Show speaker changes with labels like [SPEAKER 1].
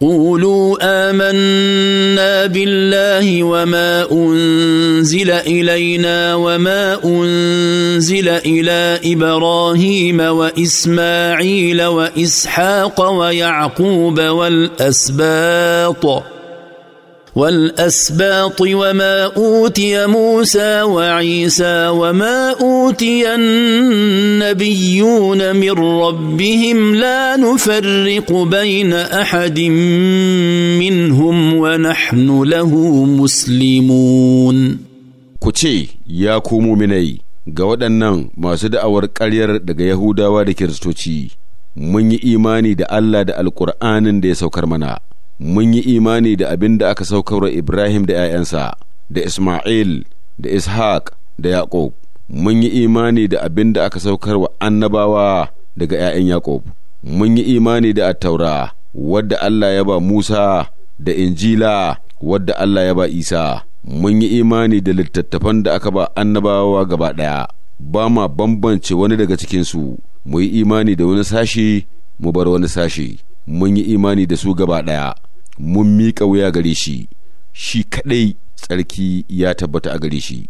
[SPEAKER 1] قولوا امنا بالله وما انزل الينا وما انزل الى ابراهيم واسماعيل واسحاق ويعقوب والاسباط والاسباط وما اوتي موسى وعيسى وما اوتي النبيون من ربهم لا نفرق بين احد منهم ونحن له مسلمون
[SPEAKER 2] كوتشي يا komo مني ga waɗannan masu da'awar karyar daga Yahudawa da Kiristoci, mun yi imani da Allah da Alƙur'anin da ya saukar mana. mun yi imani da abin da aka saukarwa Ibrahim da ‘ya'yansa, da Ismail, da Ishaq, da Yaƙub, mun yi imani da abin da aka wa annabawa daga ‘ya'yan Yaƙub, mun yi imani da attaura wadda Allah ya ba Musa, da Injila wadda Allah ya ba Isa, mun yi imani da littattafan da aka ba annabawa gaba ɗaya, ba ma bambance wani daga cikinsu, mu yi imani da wani sashi, mu bar wani sashi, mun yi imani da su gaba ɗaya. mun miƙa wuya gare shi shi kaɗai tsarki ya tabbata a gare shi